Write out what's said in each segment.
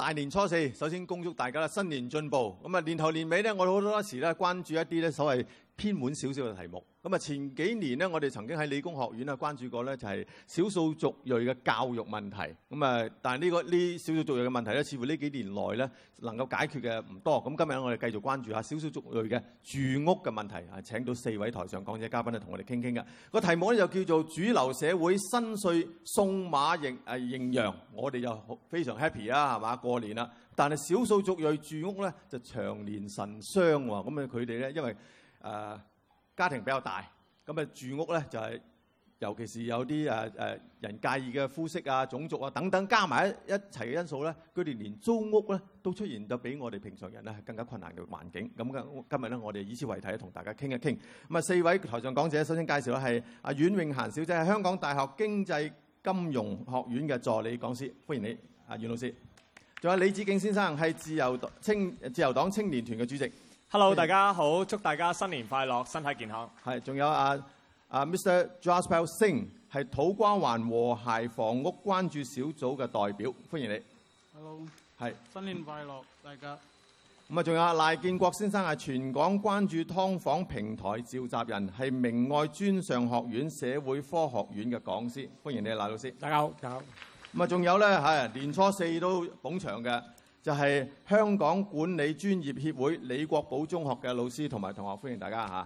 大年初四，首先恭祝大家新年進步。咁啊，年頭年尾咧，我好多時咧關注一啲咧所謂。偏門少少嘅題目咁啊！前幾年呢，我哋曾經喺理工學院啊關注過呢，就係少數族裔嘅教育問題咁啊。但係呢個呢少數族裔嘅問題呢，似乎呢幾年內呢能夠解決嘅唔多。咁今日我哋繼續關注下少數族裔嘅住屋嘅問題啊！請到四位台上講者嘉賓咧，同我哋傾傾嘅個題目呢，就叫做主流社會新歲送馬迎啊迎羊。我哋又好非常 happy 啦，係嘛過年啦，但係少數族裔住屋呢，就長年神傷喎。咁啊，佢哋呢，因為。誒、uh, 家庭比較大，咁誒住屋咧就係、是，尤其是有啲誒誒人介意嘅膚色啊、種族啊等等，加埋一一齊嘅因素咧，佢哋連租屋咧都出現得比我哋平常人咧更加困難嘅環境。咁嘅今日咧，我哋以此為題，同大家傾一傾。咁啊，四位台上講者首先介紹咧係阿阮永嫻小姐，係香港大學經濟金融學院嘅助理講師，歡迎你，阿、啊、阮老師。仲有李梓敬先生，係自由青自由黨青年團嘅主席。Hello，大家好，祝大家新年快樂，身體健康。係，仲有啊啊、uh,，Mr. Jasper Singh 係土瓜灣和諧房屋關注小組嘅代表，歡迎你。Hello 是。係，新年快樂，大家。咁啊，仲有賴建國先生係全港關注劏房平台召集人，係明愛專上學院社會科學院嘅講師，歡迎你，賴老師。大家好，大家好。咁啊，仲有咧係年初四都捧場嘅。就係香港管理專業協會李國寶中學嘅老師同埋同學，歡迎大家嚇。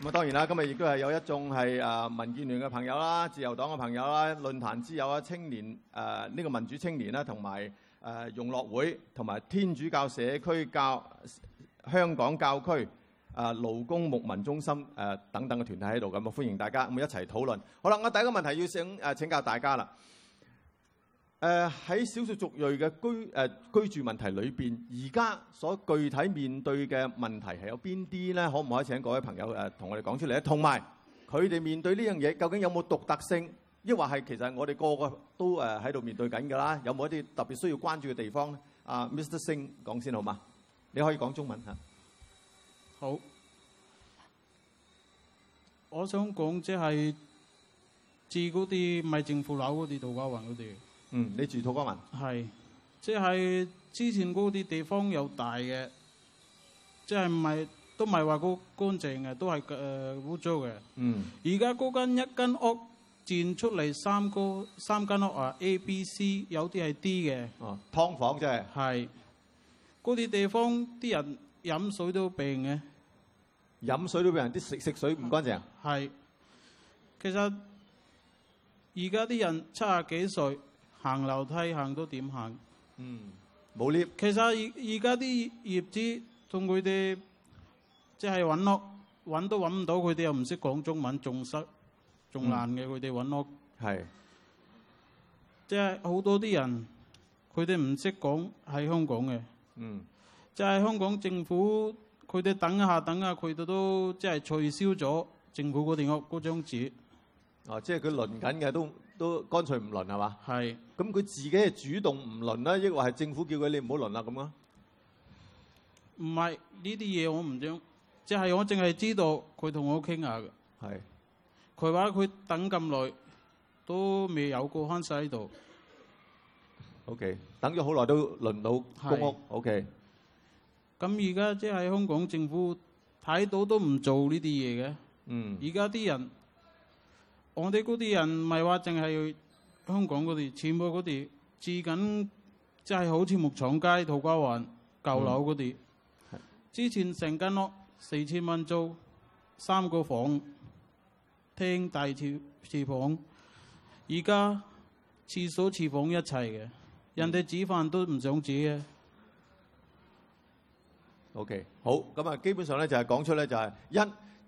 咁啊，當然啦，今日亦都係有一眾係誒民建聯嘅朋友啦、自由黨嘅朋友啦、論壇之友啦、青年誒呢、呃這個民主青年啦，同埋誒融樂會，同埋天主教社區教香港教區啊、呃、勞工牧民中心誒、呃、等等嘅團體喺度，咁啊歡迎大家咁一齊討論。好啦，我第一個問題要請誒、呃、請教大家啦。誒喺少數族裔嘅居誒居住問題裏邊，而家所具體面對嘅問題係有邊啲咧？可唔可以請各位朋友誒同我哋講出嚟？同埋佢哋面對呢樣嘢，究竟有冇獨特性？抑或係其實我哋個個都誒喺度面對緊㗎啦？有冇一啲特別需要關注嘅地方咧？阿 Mr.Singh 講先好嘛？你可以講中文嚇。好，我想講即係住嗰啲咪政府樓嗰啲杜家雲嗰啲。嗯，你住土瓜灣？係，即係、就是、之前嗰啲地方有大嘅，即係唔係都唔係話好乾淨嘅，都係誒污糟嘅。呃、的嗯。而家嗰間一間屋建出嚟，三個三間屋啊，A、B、C，有啲係 D 嘅。哦，劏房啫、就是。係，嗰啲地方啲人飲水都病嘅，飲水都病，啲食食水唔乾淨。係，其實而家啲人七十幾歲。行樓梯行都點行？嗯，冇 lift。其實而而家啲業主同佢哋即係揾屋，揾、就是、都揾唔到。佢哋又唔識講中文，仲失仲難嘅。佢哋揾屋係，即係好多啲人，佢哋唔識講喺香港嘅。嗯，就係香港政府，佢哋等下等下，佢哋都即係、就是、取消咗政府嗰啲屋嗰張紙。啊、哦！即係佢輪緊嘅，都都乾脆唔輪係嘛？係。咁佢是自己係主動唔輪啦，抑或係政府叫佢你唔好輪啦咁啊？唔係呢啲嘢，我唔知。即、就、係、是、我淨係知道佢同我傾下嘅。係是。佢話佢等咁耐，都未有個康喺度。OK，等咗好耐都輪到公屋。是 OK。咁而家即係香港政府睇到都唔做呢啲嘢嘅。嗯。而家啲人。我哋嗰啲人唔係話淨係香港嗰啲，全部嗰啲住緊，即係好似木廠街、土瓜灣舊樓嗰啲。嗯、之前成間屋四千蚊租三個房廳大廚廚房，而家廁所、廚房一齊嘅，人哋煮飯都唔想煮嘅。OK，好咁啊，基本上咧就係講出咧就係一。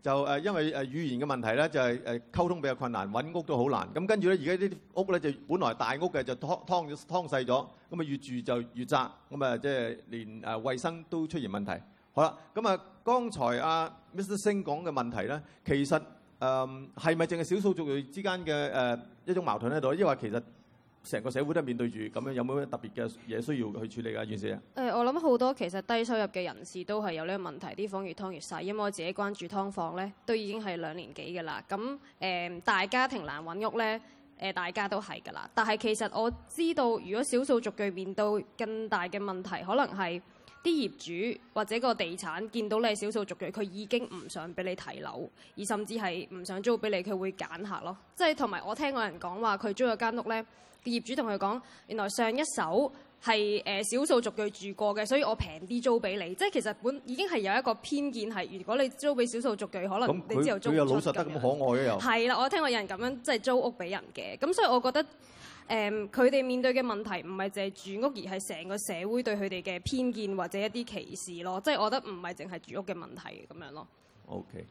就誒，因為誒語言嘅問題咧，就係誒溝通比較困難，揾屋都好難。咁跟住咧，而家啲屋咧就本來大屋嘅，就劏劏劏細咗，咁啊越住就越窄，咁啊即係連誒衛生都出現問題。好啦，咁啊剛才阿 Mr. 升講嘅問題咧，其實誒係咪淨係少數族裔之間嘅誒一種矛盾喺度？因為其實。成個社會都係面對住咁樣，有冇咩特別嘅嘢需要去處理啊？袁小姐，誒、呃，我諗好多其實低收入嘅人士都係有呢個問題，啲房越劏越細。因為我自己關注劏房咧，都已經係兩年幾嘅啦。咁誒、呃，大家庭難揾屋咧，誒、呃，大家都係㗎啦。但係其實我知道，如果少數族裔面對更大嘅問題，可能係啲業主或者個地產見到你係少數族裔，佢已經唔想俾你提樓，而甚至係唔想租俾你，佢會揀客咯。即係同埋我聽過人講話，佢租咗間屋咧。業主同佢講：原來上一手係誒少數族裔住過嘅，所以我平啲租俾你。即係其實本已經係有一個偏見係，如果你租俾少數族裔，可能、嗯、你之後他租出又老實得咁可愛又係啦，我聽過有人咁樣即係、就是、租屋俾人嘅。咁所以我覺得誒，佢、呃、哋面對嘅問題唔係淨係住屋，而係成個社會對佢哋嘅偏見或者一啲歧視咯。即係我覺得唔係淨係住屋嘅問題咁樣咯 okay，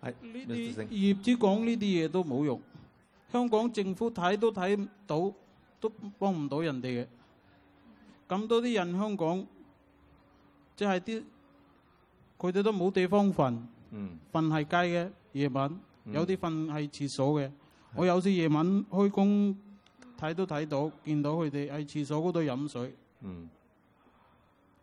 哎。OK，係。呢啲業主講呢啲嘢都冇用。香港政府睇都睇唔到，都幫唔到人哋嘅。咁多啲人香港，即係啲佢哋都冇地方瞓，瞓喺、嗯、街嘅夜晚，有啲瞓喺廁所嘅。嗯、我有時夜晚開工睇都睇到，見到佢哋喺廁所嗰度飲水。嗯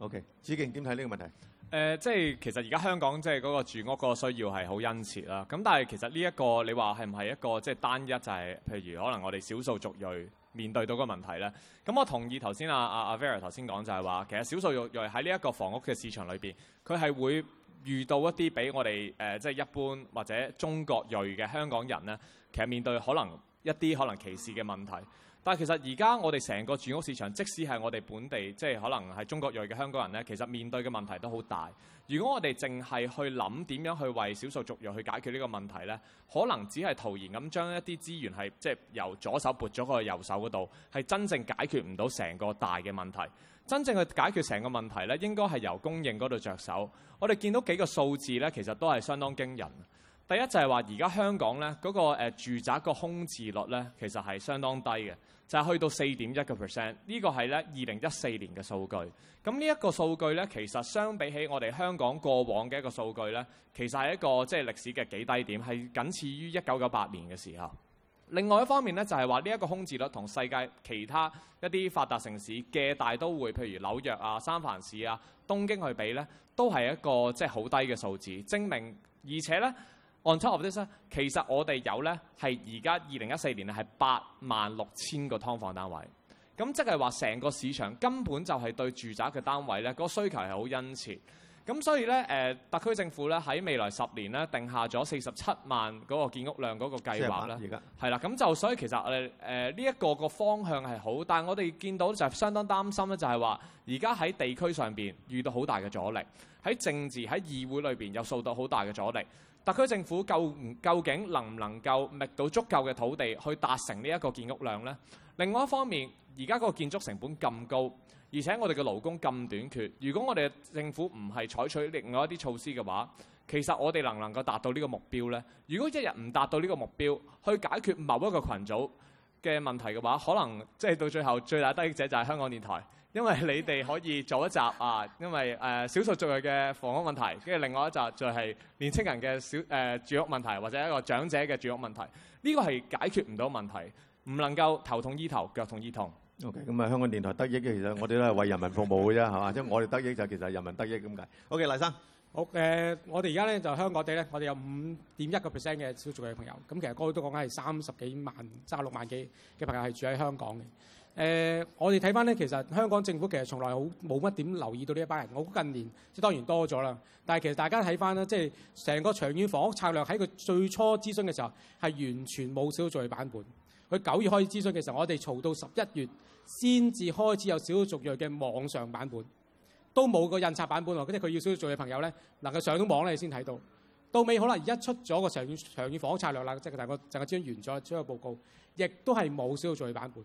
OK，梓敬點睇呢個問題？誒、呃，即係其實而家香港即係嗰個住屋個需要係好殷切啦。咁但係其實呢一個你話係唔係一個即係單一、就係，就係譬如可能我哋少數族裔面對到個問題咧。咁我同意頭先阿阿阿 Vera 頭先講就係話，其實少數族裔喺呢一個房屋嘅市場裏邊，佢係會遇到一啲比我哋誒即係一般或者中國裔嘅香港人咧，其實面對可能一啲可能歧視嘅問題。但其實而家我哋成個住屋市場，即使係我哋本地，即係可能係中國裔嘅香港人呢，其實面對嘅問題都好大。如果我哋淨係去諗點樣去為少數族裔去解決呢個問題呢，可能只係徒然咁將一啲資源係即係由左手撥咗去右手嗰度，係真正解決唔到成個大嘅問題。真正去解決成個問題呢，應該係由供應嗰度着手。我哋見到幾個數字呢，其實都係相當驚人。第一就係話，而家香港呢嗰、嗰個、呃、住宅個空置率呢，其實係相當低嘅，就係、係、去到四點一個 percent。呢個係呢二零一四年嘅數據。咁呢一個數據呢，其實相比起我哋香港過往嘅一個數據呢，其實係一個即係歷史嘅幾低點，係僅次於一九九八年嘅時候。另外一方面呢，就係話呢一個空置率同世界其他一啲發達城市嘅大都會，譬如紐約啊、三藩市啊、東京去比呢，都係一個即係好低嘅數字，證明而且呢。按差合啲生，this，其實我哋有呢係而家二零一四年咧係八萬六千個劏房單位，咁即係話成個市場根本就係對住宅嘅單位呢嗰、嗰個需求係好殷切，咁所以呢，誒、呃、特區政府呢喺未來十年呢定下咗四十七萬嗰個建屋量嗰個計劃咧，係啦在，咁就所以其實誒誒呢一個個方向係好，但係我哋見到就係相當擔心呢就係話而家喺地區上邊遇到好大嘅阻力，喺政治喺議會裏邊又受到好大嘅阻力。特區政府究唔究竟能唔能夠覓到足夠嘅土地去達成呢一個建屋量呢？另外一方面，而家個建築成本咁高，而且我哋嘅勞工咁短缺。如果我哋政府唔係採取另外一啲措施嘅話，其實我哋能唔能夠達到呢個目標呢？如果一日唔達到呢個目標，去解決某一個群組嘅問題嘅話，可能即係、就是、到最後最大的得益者就係香港電台。因為你哋可以做一集啊，因為誒少數族裔嘅房屋問題，跟住另外一集就係年青人嘅小誒住屋問題，或者一個長者嘅住屋問題，呢個係解決唔到問題，唔能夠頭痛醫頭，腳痛醫痛。OK，咁啊香港電台得益嘅，其實我哋都係為人民服務嘅啫，係嘛？即係我哋得益就其實係人民得益咁解。OK，賴生，好誒，我哋而家咧就香港地咧，我哋有五點一個 percent 嘅少數族裔朋友，咁其實個個都講緊係三十幾萬、三十六萬幾嘅朋友係住喺香港嘅。誒、呃，我哋睇翻咧，其實香港政府其實從來好冇乜點留意到呢一班人。我估近年即係當然多咗啦，但係其實大家睇翻咧，即係成個長遠房屋策略喺佢最初諮詢嘅時候係完全冇少數族裔版本。佢九月開始諮詢嘅時候，我哋嘈到十一月先至開始有少數族裔嘅網上版本，都冇個印刷版本喎。咁即係佢要少數族裔嘅朋友咧，能夠上到網咧先睇到。到尾好啦，而家出咗個長遠長遠房屋策略啦，即係大概陣間諮詢完咗出個報告，亦都係冇少數族裔版本。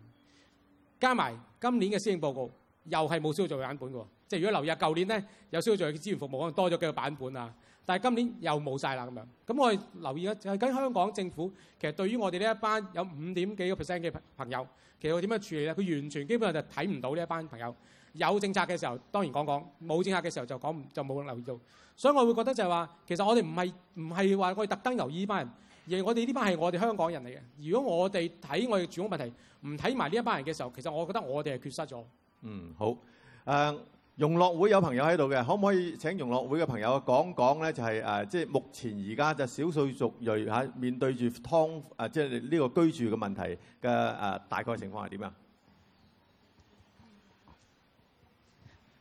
加埋今年嘅施政報告又係冇需要做版本喎，即係如果留意下，舊年咧有需要做嘅資源服務可能多咗幾個版本啊，但係今年又冇晒啦咁樣。咁我哋留意緊就係跟香港政府，其實對於我哋呢一班有五點幾個 percent 嘅朋友，其實佢點樣處理咧？佢完全基本上就睇唔到呢一班朋友，有政策嘅時候當然講講，冇政策嘅時候就講就冇咁留意到。所以我會覺得就係話，其實我哋唔係唔係話我哋特登留意班人。而我哋呢班係我哋香港人嚟嘅。如果我哋睇我哋住屋問題，唔睇埋呢一班人嘅時候，其實我覺得我哋係缺失咗。嗯，好。誒、呃，融樂會有朋友喺度嘅，可唔可以請融樂會嘅朋友講講咧？就係誒，即係目前而家就少數族裔嚇、啊、面對住劏誒，即係呢個居住嘅問題嘅誒、呃，大概情況係點啊？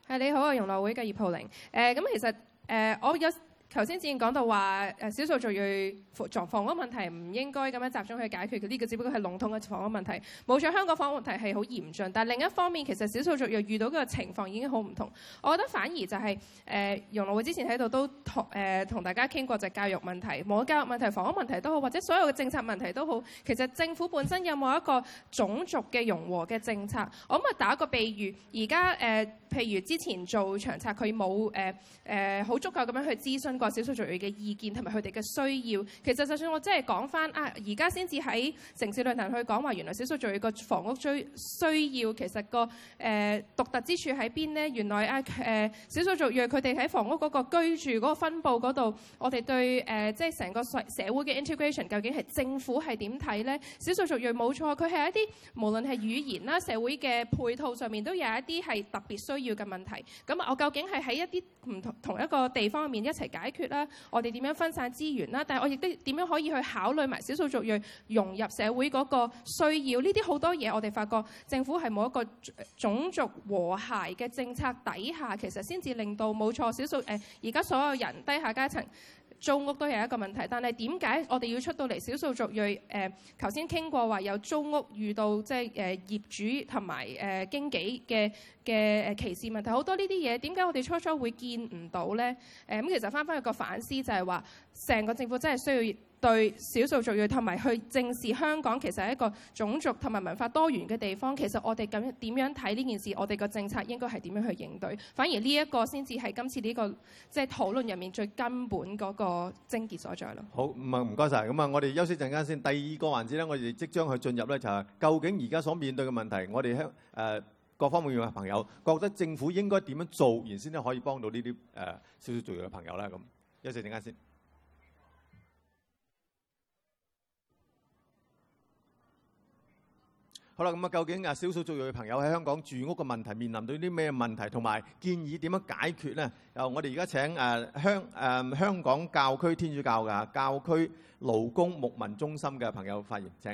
係你好啊，融樂會嘅葉浩玲。誒、呃，咁其實誒、呃，我有。頭先之前講到話誒少數族裔房房屋問題唔應該咁樣集中去解決，佢、這、呢個只不過係籠統嘅房屋問題。冇錯，香港房屋問題係好嚴峻，但係另一方面其實少數族裔遇到嘅情況已經好唔同。我覺得反而就係、是、誒、呃、容樂會之前喺度都誒同、呃、大家傾過就係教育問題，冇教育問題，房屋問題都好，或者所有嘅政策問題都好，其實政府本身有冇一個種族嘅融和嘅政策？我咁啊打個比喻，而家誒譬如之前做長策，佢冇誒誒好足夠咁樣去諮詢。少數族裔嘅意見同埋佢哋嘅需要，其實就算我真係講翻啊，而家先至喺城市論壇去講話，原來少數族裔個房屋需需要，其實個誒、呃、獨特之處喺邊呢？原來啊誒少數族裔佢哋喺房屋嗰個居住嗰個分佈嗰度，我哋對誒即係成個社社會嘅 integration 究竟係政府係點睇咧？少數族裔冇錯，佢係一啲無論係語言啦、社會嘅配套上面都有一啲係特別需要嘅問題。咁我究竟係喺一啲唔同同一個地方入面一齊解決？解決啦，我哋點樣分散資源啦？但係我亦都點樣可以去考慮埋少數族裔融入社會嗰個需要？呢啲好多嘢我哋發覺政府係冇一個種族和諧嘅政策底下，其實先至令到冇錯，少數，誒，而家所有人低下階層。租屋都有一個問題，但係點解我哋要出到嚟？少數族裔誒，頭先傾過話有租屋遇到即係誒業主同埋誒經紀嘅嘅誒歧視問題，好多呢啲嘢點解我哋初初會見唔到咧？誒、呃、咁其實翻翻去個反思就係話，成個政府真係需要。對少數族裔同埋去正視香港其實係一個種族同埋文化多元嘅地方，其實我哋咁點樣睇呢件事，我哋個政策應該係點樣去應對？反而呢一個先至係今次呢、這個即係、就是、討論入面最根本嗰個症結所在咯。好，唔係唔該晒。咁啊，我哋休息陣間先。第二個環節咧，我哋即將去進入咧，就係、是、究竟而家所面對嘅問題，我哋香誒各方面嘅朋友覺得政府應該點樣做，然先至可以幫到呢啲誒少數族裔嘅朋友咧？咁休息陣間先。好啦，咁啊，究竟啊，少數族裔朋友喺香港住屋嘅問，問題，面臨到啲咩問題，同埋建議點樣解決咧？由我哋而家請誒香誒香港教區天主教嘅教區勞工牧民中心嘅朋友發言，請。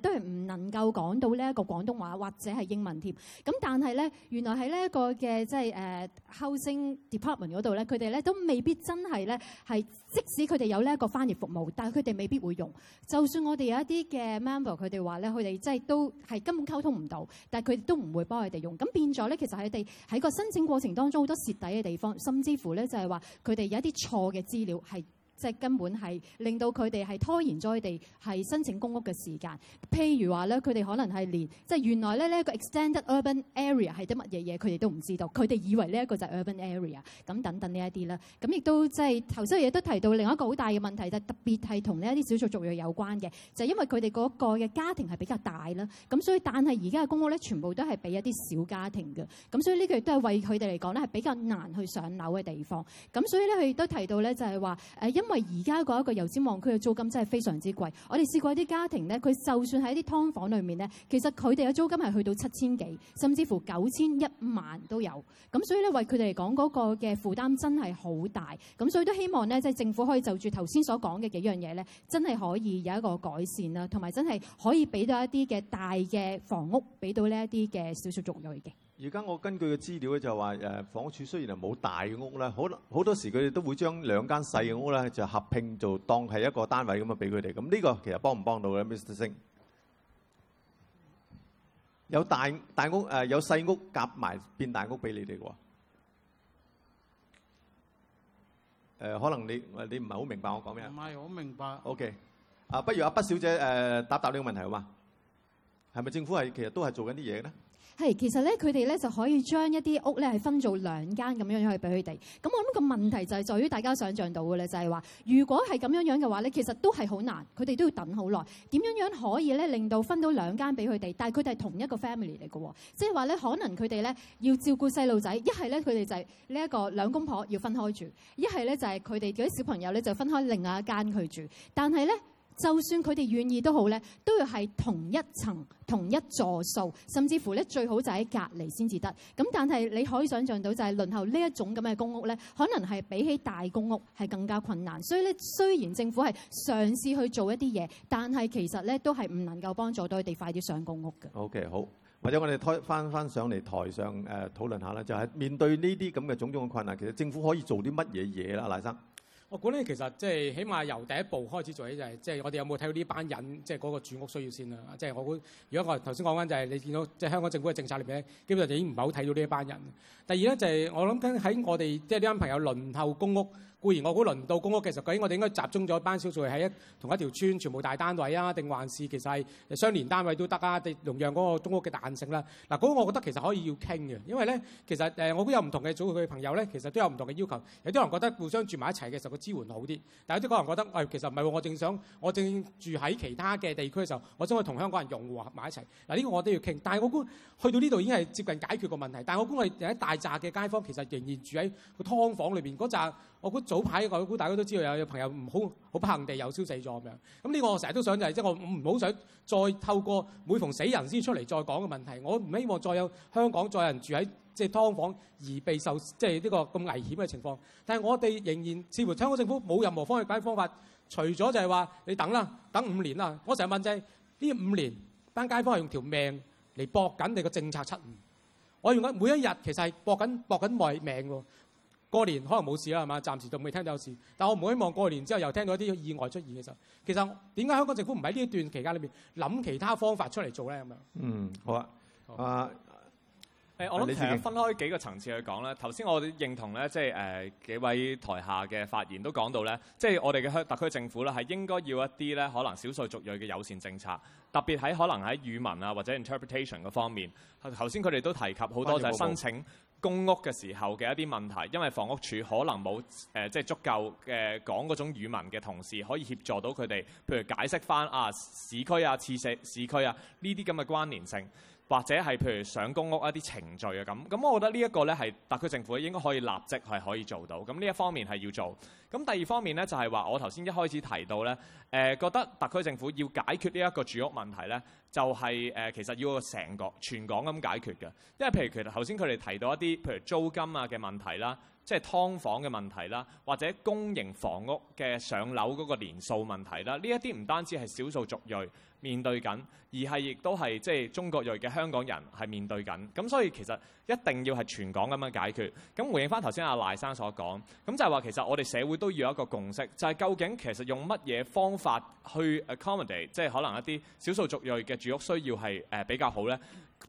都係唔能夠講到呢一個廣東話或者係英文添。咁但係咧，原來喺、那個就是 uh, 呢一個嘅即係誒 housing department 嗰度咧，佢哋咧都未必真係咧係，即使佢哋有呢一個翻譯服務，但係佢哋未必會用。就算我哋有一啲嘅 member，佢哋話咧，佢哋即係都係根本溝通唔到，但係佢哋都唔會幫佢哋用。咁變咗咧，其實佢哋喺個申請過程當中好多蝕底嘅地方，甚至乎咧就係話佢哋有一啲錯嘅資料係。即係根本係令到佢哋係拖延咗佢哋係申請公屋嘅時間，譬如話咧，佢哋可能係連即係原來咧呢、這個 extended urban area 係啲乜嘢嘢，佢哋都唔知道。佢哋以為呢一個就係 urban area 咁等等這些呢一啲啦。咁亦都即係頭先亦都提到另一個好大嘅問題，就特別係同呢一啲少數族裔有關嘅，就係、是、因為佢哋嗰個嘅家庭係比較大啦。咁所以但係而家嘅公屋咧，全部都係俾一啲小家庭嘅，咁所以這個呢個亦都係為佢哋嚟講咧係比較難去上樓嘅地方。咁所以咧佢亦都提到咧就係話誒因。因為而家嗰一個油尖旺區嘅租金真係非常之貴，我哋試過一啲家庭咧，佢就算喺啲劏房裏面咧，其實佢哋嘅租金係去到七千幾，甚至乎九千一萬都有。咁所以咧，為佢哋嚟講嗰個嘅負擔真係好大。咁所以都希望咧，即係政府可以就住頭先所講嘅幾樣嘢咧，真係可以有一個改善啦，同埋真係可以俾到一啲嘅大嘅房屋俾到呢一啲嘅少數族裔嘅。而家我根據嘅資料咧，就話誒房署雖然係冇大屋啦，好好多時佢哋都會將兩間細嘅屋咧就合併做當係一個單位咁啊，俾佢哋。咁呢個其實幫唔幫到咧？Mr. Singh 有大大屋誒，有細屋夾埋變大屋俾你哋喎誒，可能你你唔係好明白我講咩啊？唔係好明白。OK，啊，不如阿畢小姐誒答答呢個問題好嘛？係咪政府係其實都係做緊啲嘢咧？係，其實咧，佢哋咧就可以將一啲屋咧係分做兩間咁樣樣去俾佢哋。咁我諗個問題就係在於大家想像到嘅咧，就係話，如果係咁樣樣嘅話咧，其實都係好難。佢哋都要等好耐。點樣樣可以咧令到分到兩間俾佢哋？但係佢哋係同一個 family 嚟嘅，即係話咧，可能佢哋咧要照顧細路仔，一係咧佢哋就係呢一個兩公婆要分開住，一係咧就係佢哋嗰啲小朋友咧就分開另外一間佢住。但係咧。就算佢哋願意都好咧，都要係同一層同一座數，甚至乎咧最好就喺隔離先至得。咁但係你可以想像到就係輪候呢一種咁嘅公屋咧，可能係比起大公屋係更加困難。所以咧雖然政府係嘗試去做一啲嘢，但係其實咧都係唔能夠幫助到佢哋快啲上公屋嘅。OK，好。或者我哋返返上嚟台上誒、呃、討論下啦，就係、是、面對呢啲咁嘅種種嘅困難，其實政府可以做啲乜嘢嘢啦，阿賴生？我估咧，其實即係起碼由第一步開始做起，就係即係我哋有冇睇到呢班人，即係嗰個住屋需要先啊。即係我估，如果我頭先講返就係你見到，即係香港政府嘅政策入邊咧，基本上就已經唔係好睇到呢一班人了。第二咧就係我諗緊喺我哋即係呢班朋友輪候公屋。固然我估輪到公屋，其實究竟我哋應該集中咗一班少數係喺一同一條村，全部大單位啊，定還是其實係相連單位都得啊？定容讓嗰個公屋嘅彈性啦。嗱，嗰個我覺得其實可以要傾嘅，因為咧其實誒，我估有唔同嘅組會嘅朋友咧，其實都有唔同嘅要求。有啲人覺得互相住埋一齊嘅時候，個支援好啲，但有啲個人覺得，喂、哎，其實唔係喎，我正想我正住喺其他嘅地區嘅時候，我想去同香港人融合埋一齊。嗱，呢個我都要傾。但係我估去到呢度已經係接近解決個問題。但係我估係有啲大扎嘅街坊，其實仍然住喺劏房裏邊嗰扎。我估早排，我估大家都知道有有朋友唔好好不幸地又燒死咗咁樣。咁呢個我成日都想就係即係我唔好想再透過每逢死人先出嚟再講嘅問題。我唔希望再有香港再有人住喺即係劏房而被受即係呢個咁危險嘅情況。但係我哋仍然似乎香港政府冇任何方解決方法，除咗就係話你等啦，等五年啦。我成日問、就是，問係呢五年班街坊係用條命嚟搏緊你個政策出唔？我用緊每一日其實係搏緊搏緊命。過年可能冇事啦，係嘛？暫時仲未聽到有事，但我唔希望過年之後又聽到啲意外出現嘅時候。其實點解香港政府唔喺呢一段期間裏面諗其他方法出嚟做咧？咁啊？嗯，好啊。好啊，誒、啊，我諗其實分開幾個層次去講咧。頭先自我認同咧，即係誒幾位台下嘅發言都講到咧，即係我哋嘅香特區政府咧，係應該要一啲咧，可能少數族裔嘅友善政策，特別喺可能喺語文啊或者 interpretation 嘅方面。頭先佢哋都提及好多就係申請。公屋嘅時候嘅一啲問題，因為房屋署可能冇誒，即、呃、係、就是、足夠嘅講嗰種語文嘅同事，可以協助到佢哋，譬如解釋返啊市區啊、次舍、市區啊呢啲咁嘅關聯性。或者係譬如上公屋一啲程序啊咁，咁我覺得呢一個呢，係特區政府應該可以立即係可以做到。咁呢一方面係要做。咁第二方面呢，就係話我頭先一開始提到呢，誒、呃、覺得特區政府要解決呢一個住屋問題呢，就係、是、誒、呃、其實要成個全港咁解決嘅。因為譬如其實頭先佢哋提到一啲譬如租金啊嘅問題啦，即係劏房嘅問題啦，或者公營房屋嘅上樓嗰個年數問題啦，呢一啲唔單止係少數族裔面對緊，而係亦都係即係中國裔嘅香港人係面對緊。咁所以其實一定要係全港咁樣解決。咁回應翻頭先阿賴生所講，咁就係話其實我哋社會都要有一個共識，就係、係、究竟其實用乜嘢方法去 accommodate，即係可能一啲少數族裔嘅住屋需要係、呃、比較好呢。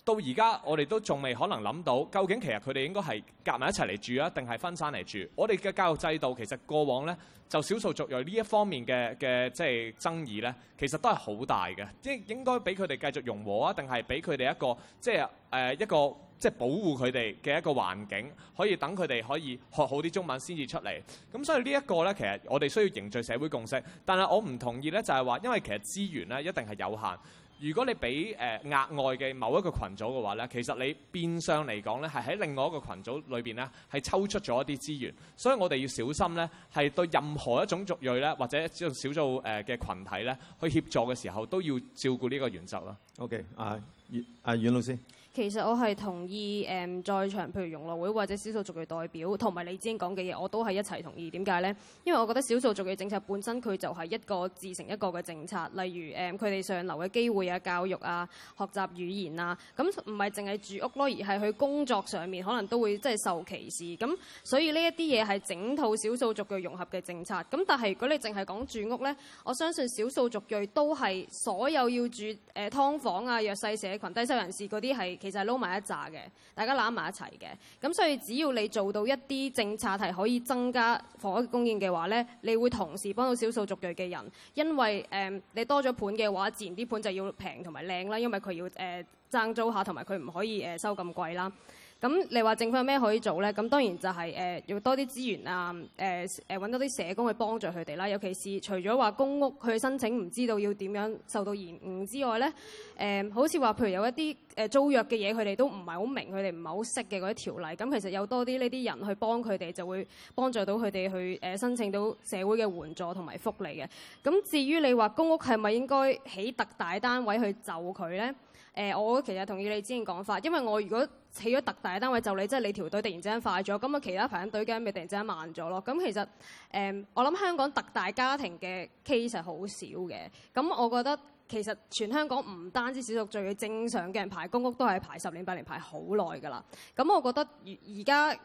到而家我哋都仲未可能諗到，究竟其實佢哋應該係夾埋一齊嚟住啊，定係分散嚟住？我哋嘅教育制度其實過往呢。就少數族裔呢一方面嘅嘅即係爭議呢，其實都係好大嘅，即係應該俾佢哋繼續融和啊，定係俾佢哋一個即係、呃、一個即係保護佢哋嘅一個環境，可以等佢哋可以學好啲中文先至出嚟。咁所以呢一個呢，其實我哋需要凝聚社會共識，但係我唔同意呢，就係話因為其實資源呢，一定係有限。如果你俾誒額外嘅某一個群組嘅話咧，其實你變相嚟講咧，係喺另外一個群組裏邊咧，係抽出咗一啲資源，所以我哋要小心咧，係對任何一種族裔咧，或者少數誒嘅群體咧，去協助嘅時候都要照顧呢個原則咯。OK，啊、uh, 啊阮老、uh, 師。其實我係同意誒、嗯，在場譬如融樂會或者少數族裔代表，同埋你之前講嘅嘢，我都係一齊同意。點解呢？因為我覺得少數族裔政策本身佢就係一個自成一個嘅政策，例如誒佢哋上流嘅機會啊、教育啊、學習語言啊，咁唔係淨係住屋咯，而係佢工作上面可能都會即係受歧視。咁、嗯、所以呢一啲嘢係整套少數族裔融合嘅政策。咁、嗯、但係如果你淨係講住屋呢，我相信少數族裔都係所有要住誒、呃、劏房啊、弱勢社群、低收入人士嗰啲係。其實撈埋一紮嘅，大家攬埋一齊嘅，咁所以只要你做到一啲政策係可以增加房屋供應嘅話咧，你會同時幫到少數族裔嘅人，因為誒、呃，你多咗盤嘅話，自然啲盤就要平同埋靚啦，因為佢要誒、呃、爭租下，同埋佢唔可以誒、呃、收咁貴啦。咁你話政府有咩可以做咧？咁當然就係誒要多啲資源啊，誒誒搵多啲社工去幫助佢哋啦。尤其是除咗話公屋佢申請唔知道要點樣受到延誤之外咧，誒、呃、好似話譬如有一啲誒租約嘅嘢，佢哋都唔係好明，佢哋唔係好識嘅嗰啲條例。咁其實有多啲呢啲人去幫佢哋，就會幫助到佢哋去誒申請到社會嘅援助同埋福利嘅。咁至於你話公屋係咪應該起特大單位去就佢咧？誒、呃，我其實同意你之前講法，因為我如果起咗特大單位，就是、你即係、就是、你條隊突然之間快咗，咁啊其他排緊隊嘅人咪突然之間慢咗咯。咁其實誒、呃，我諗香港特大家庭嘅 case 係好少嘅，咁我覺得其實全香港唔單止少數最正常嘅人排公屋都係排十年八年排好耐㗎啦。咁我覺得而家。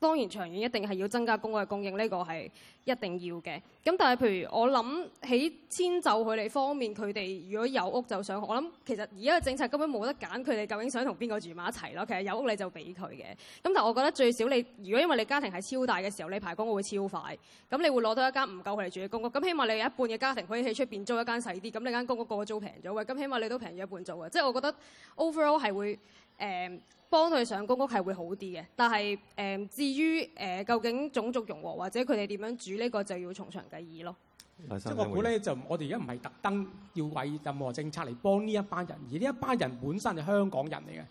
當然，長遠一定係要增加公屋嘅供應，呢個係一定要嘅。咁但係，譬如我諗喺遷就佢哋方面，佢哋如果有屋就想，我諗其實而家嘅政策根本冇得揀，佢哋究竟想同邊個住埋一齊咯。其實有屋你就俾佢嘅。咁但係我覺得最少你，如果因為你家庭係超大嘅時候，你排公屋會超快。咁你會攞到一間唔夠佢哋住嘅公屋。咁希望你有一半嘅家庭可以喺出邊租一間細啲，咁你間公屋個租平咗，喎，咁希望你都平咗一半租嘅。即係我覺得 overall 係會誒。呃幫佢上公屋係會好啲嘅，但係誒、嗯、至於誒、呃、究竟種族融合或者佢哋點樣煮呢、呢個就要從長計議咯。嗯嗯、即我估咧議就我哋而家唔係特登要為任何政策嚟幫呢一班人，而呢一班人本身係香港人嚟嘅，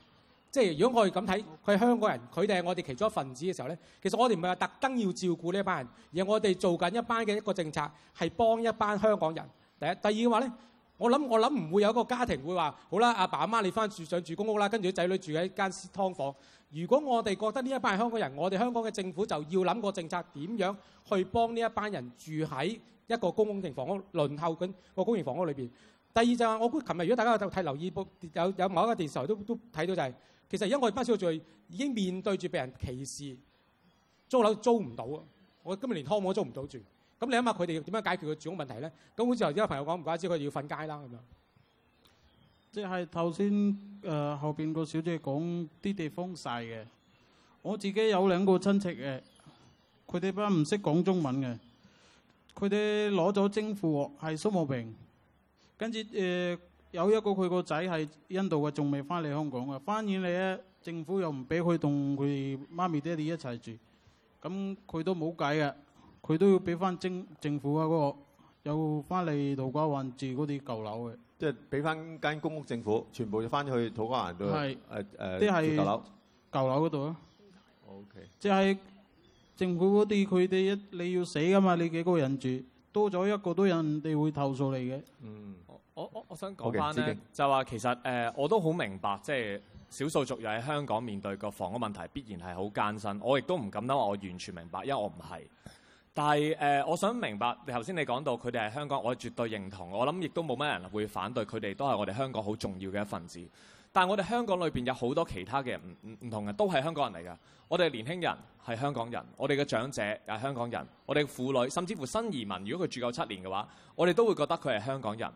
即係如果我哋咁睇佢係香港人，佢哋係我哋其中一份子嘅時候咧，其實我哋唔係話特登要照顧呢一班人，而係我哋做緊一班嘅一個政策係幫一班香港人。第一，第二嘅話咧。我諗我諗唔會有一個家庭會話好啦，阿爸阿媽你翻住上住公屋啦，跟住仔女住喺間劏房。如果我哋覺得呢一班係香港人，我哋香港嘅政府就要諗個政策點樣去幫呢一班人住喺一個公屋型房屋，輪候緊個公營房屋裏邊。第二就係、是、我估，琴日如果大家睇留意部有有某一個電視台都都睇到就係、是，其實而家我哋班少數族裔已經面對住被人歧視，租樓租唔到啊！我今日連劏房租唔到住。咁你諗下佢哋點樣解決個住屋問題咧？咁好似頭先個朋友講，唔怪之佢哋要瞓街啦咁樣。即係頭先誒後邊個小姐講啲地方細嘅，我自己有兩個親戚嘅，佢哋班唔識講中文嘅，佢哋攞咗證赴係蘇慕平，跟住誒、呃、有一個佢個仔係印度嘅，仲未翻嚟香港嘅，翻完嚟咧政府又唔俾佢同佢媽咪爹哋一齊住，咁佢都冇計嘅。佢都要俾翻政政府啊嗰、嗰個有翻嚟土瓜灣住嗰啲舊樓嘅，即係俾翻間公屋政府，全部要翻去土瓜灣度，係誒誒啲係舊樓舊樓嗰度啊。OK，即係政府嗰啲佢哋一你要死噶嘛？你幾個人住多咗一個都人哋會投訴你嘅。嗯，我我我想講翻啦，okay, 就話其實誒、呃、我都好明白，即係少數族裔喺香港面對個房屋問題，必然係好艱辛。我亦都唔敢講，我完全明白，因為我唔係。 但係、呃、我想明白，頭先你講到佢哋係香港，我絕對認同。我諗亦都冇乜人會反對，佢哋都係我哋香港好重要嘅一份子。但係我哋香港裏面有好多其他嘅唔唔同嘅，都係香港人嚟㗎。我哋年輕人係香港人，我哋嘅長者係香港人，我哋嘅婦女，甚至乎新移民，如果佢住夠七年嘅話，我哋都會覺得佢係香港人。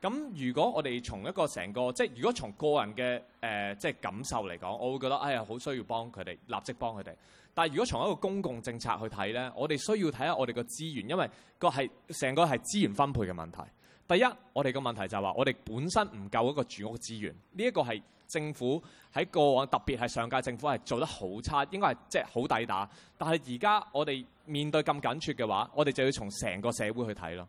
咁如果我哋從一個成個即係，如果從個人嘅，呃，即係感受嚟講，我會覺得哎呀，好需要幫佢哋，立即幫佢哋。但係如果從一個公共政策去睇呢，我哋需要睇下我哋個資源，因為個係成個係資源分配嘅問題。第一，我哋嘅問題就係，這個就是，話，我哋本身唔夠一個住屋資源，呢一個係政府喺過往特別係上屆政府係做得好差，應該係即係好抵打。但係而家我哋面對咁緊缺嘅話，我哋就要從成個社會去睇咯。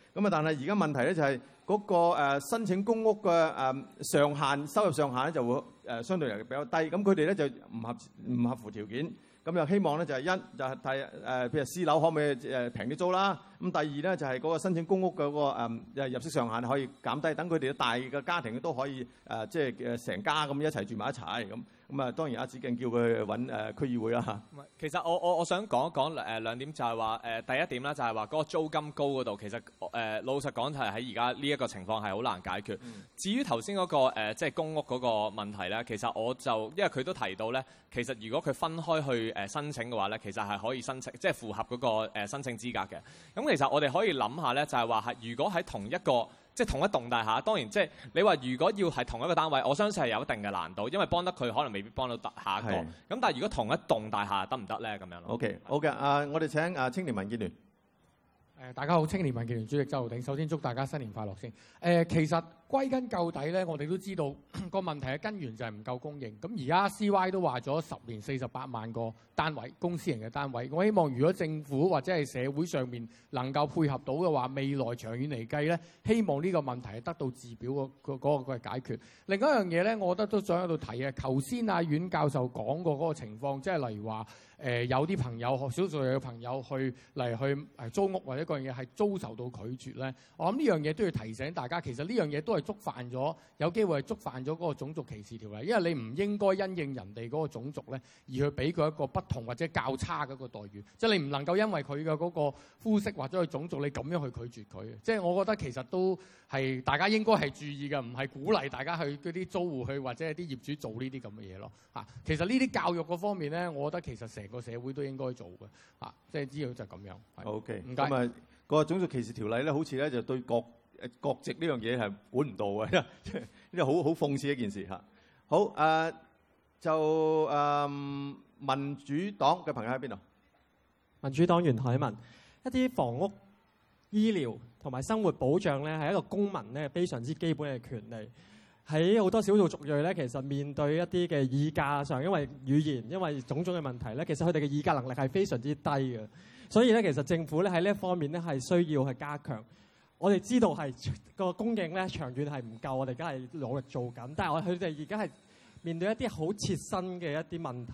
咁啊，但係而家問題咧就係嗰個誒申請公屋嘅誒上限收入上限咧就會誒相對嚟比較低，咁佢哋咧就唔合唔合乎條件，咁又希望咧就係一就係睇誒譬如私樓可唔可以誒平啲租啦。咁第二咧就係、是、嗰個申請公屋嘅嗰、那個、嗯、入息上限可以減低，等佢哋大嘅家庭都可以誒，即係誒成家咁一齊住埋一齊咁。咁、嗯、啊、嗯，當然阿梓敬叫佢搵誒區議會啦嚇。其實我我我想講一講誒兩點就是，就係話誒第一點啦，就係話嗰個租金高嗰度，其實誒、呃、老實講就係喺而家呢一個情況係好難解決。嗯、至於頭先嗰個即係、呃就是、公屋嗰個問題咧，其實我就因為佢都提到咧，其實如果佢分開去誒申請嘅話咧，其實係可以申請，即、就、係、是、符合嗰個申請資格嘅。咁、嗯其實我哋可以諗下呢，就係話係如果喺同一個即係、就是、同一棟大廈，當然即係你話如果要係同一個單位，我相信係有一定嘅難度，因為幫得佢可能未必幫到下一個。咁是但係如果同一棟大廈得唔得呢？咁樣 Okay, 是。OK，好嘅，啊，我哋請啊青年民建聯、呃。大家好，青年民建聯主席周浩鼎，首先祝大家新年快樂先。誒、呃，其實。歸根究底呢，我哋都知道個問題嘅根源就係唔夠供應。咁而家 CY 都話咗十年四十八萬個單位，公司型嘅單位。我希望如果政府或者係社會上面能夠配合到嘅話，未來長遠嚟計呢，希望呢個問題得到治標個解決。另外一樣嘢呢，我覺得都想喺度提啊。頭先阿阮教授講過嗰個情況，即係例如話誒有啲朋友少數嘅朋友去嚟去租屋或者嗰樣嘢係遭受到拒絕呢。我諗呢樣嘢都要提醒大家，其實呢樣嘢都係。觸犯咗有機會係觸犯咗嗰個種族歧視條例，因為你唔應該因應人哋嗰個種族咧，而去俾佢一個不同或者較差嘅一個待遇，即係你唔能夠因為佢嘅嗰個膚色或者係種族，你咁樣去拒絕佢。即係我覺得其實都係大家應該係注意嘅，唔係鼓勵大家去嗰啲租戶去或者係啲業主做呢啲咁嘅嘢咯。啊，其實呢啲教育嗰方面咧，我覺得其實成個社會都應該做嘅。啊，即係主要就係咁樣。O K，唔該。Okay, 咁，嗰個種族歧視條例咧，好似咧就對各。國籍呢樣嘢係管唔到嘅，呢啲好好諷刺一件事嚇。好誒、呃，就誒、呃、民主黨嘅朋友喺邊度？民主黨員海文，一啲房屋、醫療同埋生活保障咧，係一個公民咧，非常之基本嘅權利。喺好多少數族裔咧，其實面對一啲嘅議價上，因為語言，因為種種嘅問題咧，其實佢哋嘅議價能力係非常之低嘅。所以咧，其實政府咧喺呢一方面咧，係需要去加強。我哋知道係個供應咧長遠係唔夠，我哋而家係努力做緊。但係我佢哋而家係面對一啲好切身嘅一啲問題，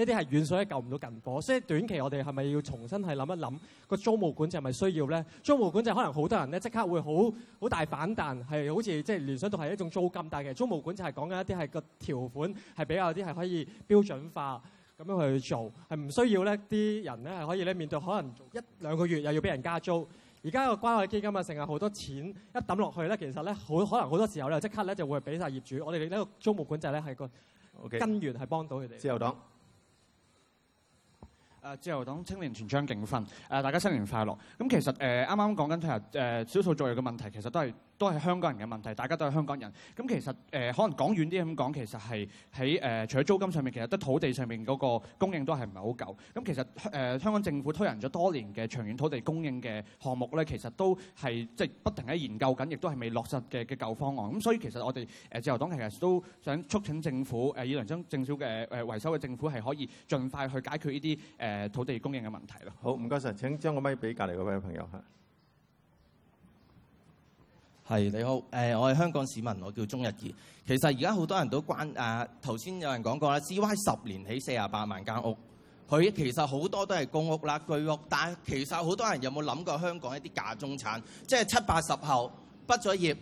一啲係遠水救唔到近火，所以短期我哋係咪要重新係諗一諗個租務管制係咪需要咧？租務管制是可能好多人咧即刻會好好大反彈，係好似即係聯想到係一種租金，但係其實租務管制係講緊一啲係個條款係比較啲係可以標準化咁樣去做，係唔需要咧啲人咧係可以咧面對可能一兩個月又要俾人加租。而家個關愛基金啊，成日好多錢一抌落去咧，其實咧好可能好多時候咧，即刻咧就會俾晒業主。我哋呢個租務管制咧係個根源係幫到佢哋。自由黨，誒自由黨青年團李梓敬，誒、啊、大家新年快樂。咁其實誒啱啱講緊聽日誒少數族裔嘅問題，其實都係，都係香港人嘅問題，大家都係香港人。咁其實誒、呃，可能講遠啲咁講，其實係喺誒，除咗租金上面，其實得土地上面嗰個供應都係唔係好夠。咁其實誒、呃，香港政府推行咗多年嘅長遠土地供應嘅項目咧，其實都係即係不停喺研究緊，亦都係未落實嘅嘅舊方案。咁所以其實我哋誒、呃、自由黨其實都想促請政府誒、呃，以嚟將、呃、政府嘅誒維修嘅政府係可以盡快去解決呢啲誒土地供應嘅問題咯。好，唔該晒，請將個咪俾隔離嗰位朋友嚇。係你好，誒、呃、我係香港市民，我叫鍾日傑。其實而家好多人都關誒，頭、啊、先有人講過啦，CY 十年起四十八萬間屋，佢其實好多都係公屋啦、居屋，但係其實好多人有冇諗過香港一啲假中產，即係七八十後畢咗業，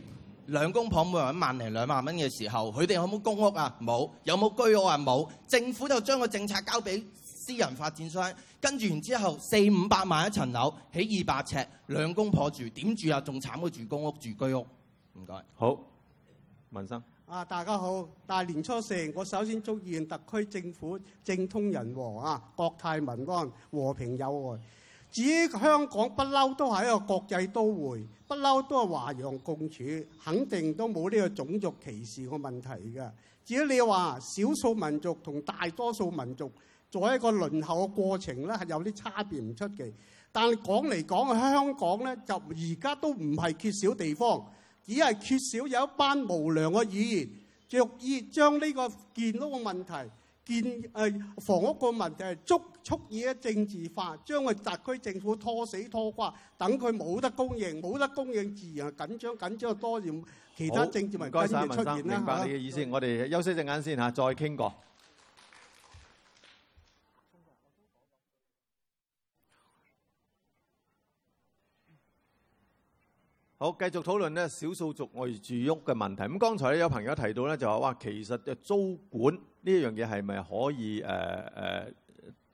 兩公婆每人萬零兩萬蚊嘅時候，佢哋有冇公屋啊？冇，有冇居屋啊？冇，政府就將個政策交俾。私人發展商跟住完之後，四五百萬一層樓起二百尺，兩公婆住點住啊？仲慘過住公屋、住居屋。唔該。好，文生啊！大家好，大年初四年，我首先祝願特區政府政通人和啊，國泰民安，和平友愛。至於香港，不嬲都係一個國際都會，不嬲都係華洋共處，肯定都冇呢個種族歧視個問題嘅。至於你話少數民族同大多數民族。做一個輪候嘅過程咧，係有啲差別唔出奇。但係講嚟講去，香港咧就而家都唔係缺少地方，只係缺少有一班無良嘅議員，著意將呢個建屋嘅問題、建誒房屋個問題，係足足以政治化，將個特區政府拖死拖垮，等佢冇得供應，冇得供應，自然緊張緊張多咗其他政治問題出現啦。明白你嘅意思，我哋休息陣間先嚇，再傾過。好，繼續討論咧少數族裔住屋嘅問題。咁剛才咧有朋友提到咧就話：哇，其實誒租管呢樣嘢係咪可以誒誒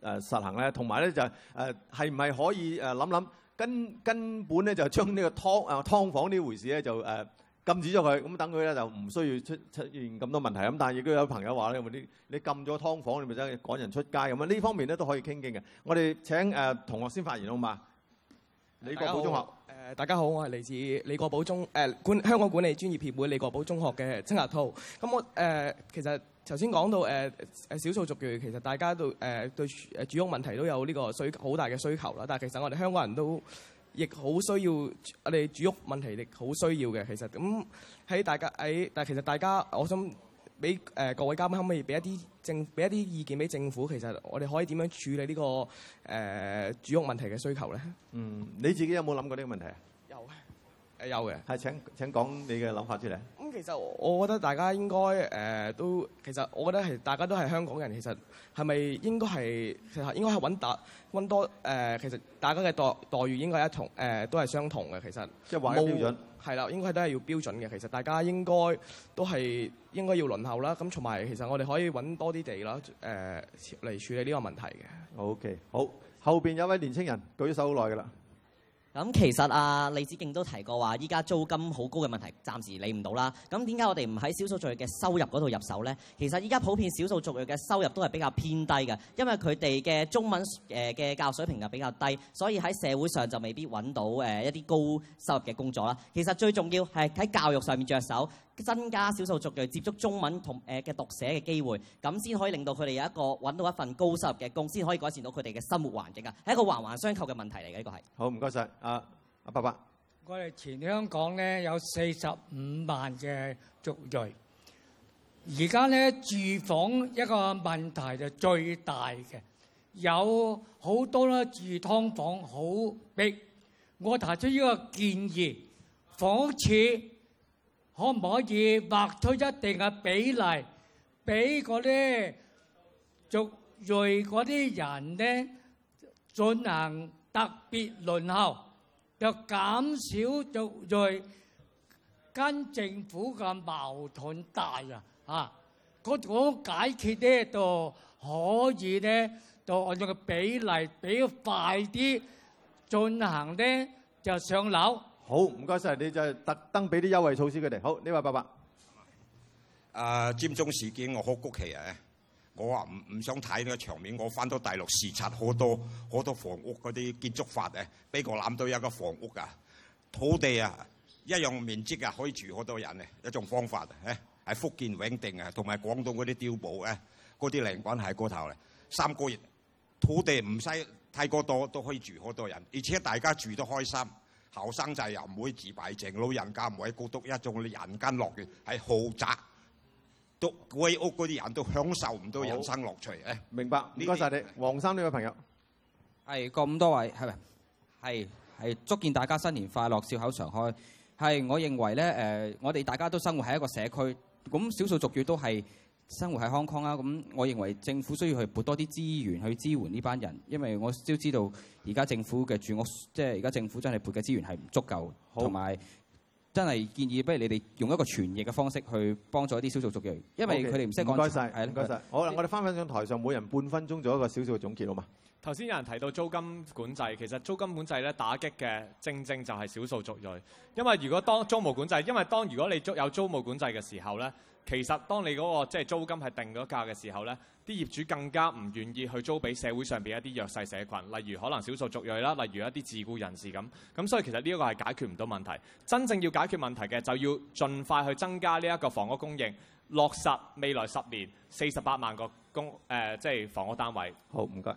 誒實行咧？同埋咧就誒係唔係可以誒諗諗根根本咧就將呢個㓥誒劏房呢回事咧就誒禁止咗佢，咁等佢咧就唔需要出出現咁多問題。咁但係亦都有朋友話咧：，有冇啲你禁咗劏房，你咪真係趕人出街咁啊？呢方面咧都可以傾傾嘅。我哋請誒同學先發言好嘛？李國寶中學。誒，大家好，我係嚟自李國寶中，誒、呃、管香港管理專業協會李國寶中學嘅青額兔。咁我誒、呃，其實頭先講到誒誒少數族裔，其實大家都誒、呃、對誒住屋問題都有呢個需好大嘅需求啦。但係其實我哋香港人都亦好需要我哋住屋問題亦好需要嘅。其實咁喺大家喺，但係其實大家，我想。俾、呃、各位嘉賓可唔可以俾一啲政俾一啲意見俾政府？其實我哋可以點樣處理呢、呢個誒住屋問題嘅需求呢？嗯，你自己有冇諗有過呢個問題？誒有嘅，係，請請講你嘅諗法出嚟。咁、嗯、其實我覺得大家應該誒、呃、都，其實我覺得係大家都係香港人，其實係咪應該係其實應該係揾大揾多誒、呃、其實大家嘅待待遇應該一同誒、呃、都係相同嘅。其實即係話標準係啦，應該都係要標準嘅。其實大家應該都係應該要輪候啦。咁同埋其實我哋可以揾多啲地啦，誒、呃、嚟處理呢個問題嘅。OK，好，後邊有一位年輕人舉手好耐㗎啦。咁其實啊，李梓敬都提過話，依家租金好高嘅問題，暫時理唔到啦。咁點解我哋唔喺少數族裔嘅收入嗰度入手呢？其實依家普遍少數族裔嘅收入都係比較偏低嘅，因為佢哋嘅中文誒嘅教育水平又比較低，所以喺社會上就未必揾到誒一啲高收入嘅工作啦。其實最重要係喺教育上面着手。增加少數族裔接觸中文同誒嘅讀寫嘅機會，咁先可以令到佢哋有一個揾到一份高收入嘅工，先可以改善到佢哋嘅生活環境環環、這個、謝謝啊！係一個環環相扣嘅問題嚟嘅，呢個係好唔該晒阿阿伯伯。我哋全香港咧有四十五萬嘅族裔，而家咧住房一個問題就最大嘅，有好多啦，住劏房好逼。我提出呢個建議，房屋。可唔可以劃出一定嘅比例，俾嗰啲族裔嗰啲人咧進行特別輪候，就減少族裔跟政府嘅矛盾大啊！啊，嗰、那、種、個、解決咧就可以咧，就按照個比例，比較快啲進行咧，就上樓。好，唔該晒。你就特登俾啲優惠措施佢哋。好，呢位伯伯，啊佔中事件我好谷氣啊！我話唔唔想睇呢個場面。我翻到大陸視察好多好多房屋嗰啲建築法啊，俾我攬到一個房屋啊？土地啊一樣面積啊，可以住好多人啊。一種方法啊，喺福建永定啊，同埋廣東嗰啲碉堡咧，嗰啲靈魂喺嗰頭咧。三個月土地唔使太過多都可以住好多人，而且大家住得開心。後生就又唔會自閉症，老人家唔會孤獨一種人，人間樂園喺豪宅，都居屋嗰啲人都享受唔到人生樂趣嘅。好欸、明白，唔該晒你，黃生。呢位朋友，係咁多位係咪？係係，祝願大家新年快樂，笑口常開。係，我認為咧誒、呃，我哋大家都生活喺一個社區，咁少數族裔都係。生活係康康啦，咁我認為政府需要去撥多啲資源去支援呢班人，因為我都知道而家政府嘅住屋，即係而家政府真係撥嘅資源係唔足夠，同埋好真係建議不如你哋用一個傳譯嘅方式去幫助一啲少數族裔，因為佢哋唔識講。唔該晒，係、okay、啦，唔該晒。好，我哋翻返上台上，每人半分鐘做一個小小嘅總結，好嘛？頭先有人提到租金管制，其實租金管制咧打擊嘅正正就係少數族裔，因為如果當租務管制，因為當如果你租有租務管制嘅時候咧，其實當你嗰個即係租金係定咗價嘅時候咧，啲業主更加唔願意去租俾社會上邊一啲弱勢社群，例如可能少數族裔啦，例如一啲自僱人士咁咁，所以其實呢一個係解決唔到問題。真正要解決問題嘅就要盡快去增加呢一個房屋供應，落實未來十年四十八萬個公誒即係房屋單位。好，唔該。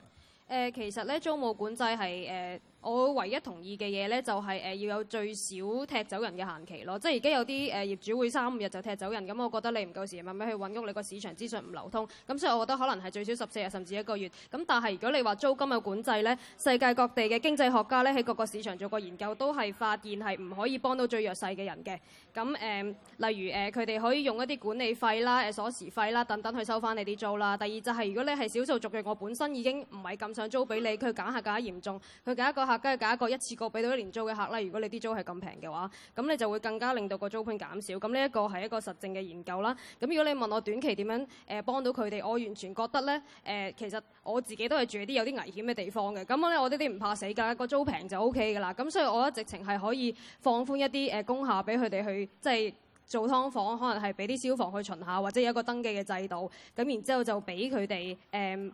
誒、呃、其實咧租務管制係誒、呃、我唯一同意嘅嘢咧，就係、是、誒、呃、要有最少踢走人嘅限期咯。即係而家有啲誒、呃、業主會三五日就踢走人，咁我覺得你唔夠時間，咪去搵屋，你個市場資訊唔流通。咁所以，我覺得可能係最少十四日，甚至一個月。咁但係如果你話租金嘅管制咧，世界各地嘅經濟學家咧喺各個市場做過研究，都係發現係唔可以幫到最弱勢嘅人嘅。咁、呃、例如誒，佢、呃、哋可以用一啲管理費啦、誒、呃、鎖匙費啦等等去收翻你啲租啦。第二就係、是，如果你係少數族裔，我本身已經唔係咁想租俾你，佢揀客更加嚴重，佢揀一個客，跟住揀一個一次過俾到一年租嘅客啦。如果你啲租係咁平嘅話，咁你就會更加令到個租盤減少。咁呢一個係一個實證嘅研究啦。咁如果你問我短期點樣誒、呃、幫到佢哋，我完全覺得咧誒、呃，其實我自己都係住一啲有啲危險嘅地方嘅。咁我呢啲唔怕死㗎，個租平就 O K 㗎啦。咁所以我一直情係可以放寬一啲誒工廈俾佢哋去。即係做劏房，可能係俾啲消防去巡下，或者有一個登記嘅制度。咁然之後就俾佢哋誒，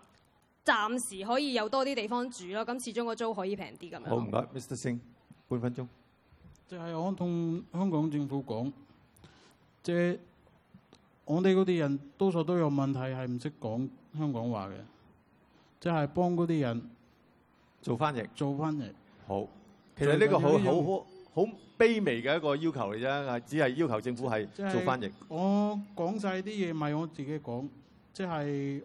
暫時可以有多啲地方住咯。咁始終個租可以平啲咁樣。好唔該，Mr. Sing，半分鐘。即係我同香港政府講，即係我哋嗰啲人多數都有問題，係唔識講香港話嘅。即係幫嗰啲人做翻譯，做翻譯。好，其實呢個好好。好好卑微嘅一個要求嚟啫，只係要求政府係做翻譯。是我講晒啲嘢咪我自己講，即係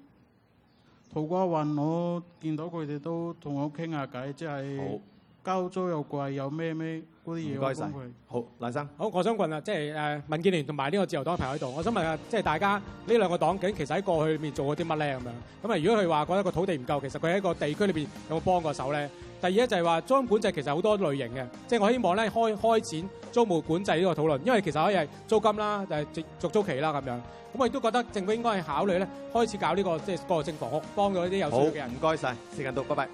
土瓜灣我，我見到佢哋都同我傾下偈，即係交租又貴，有咩咩嗰啲嘢唔該晒。好，蘭生，好，我想問啊，即係誒民建聯同埋呢個自由黨一齊喺度，我想問下，即係大家呢兩個黨究竟其實喺過去裏面做過啲乜咧？咁樣咁啊，如果佢話覺得個土地唔夠，其實佢喺個地區裏面有冇幫過手咧？第二呢就係話租管制其實好多類型嘅，即、就是、我希望咧開開展租務管制呢個討論，因為其實可以係租金啦，就係、是、續租期啦咁樣。咁我亦都覺得政府應該係考慮呢，開始搞呢、這個即、就是、個性房屋幫咗啲有需要嘅人。好，唔該晒，時間到，拜拜。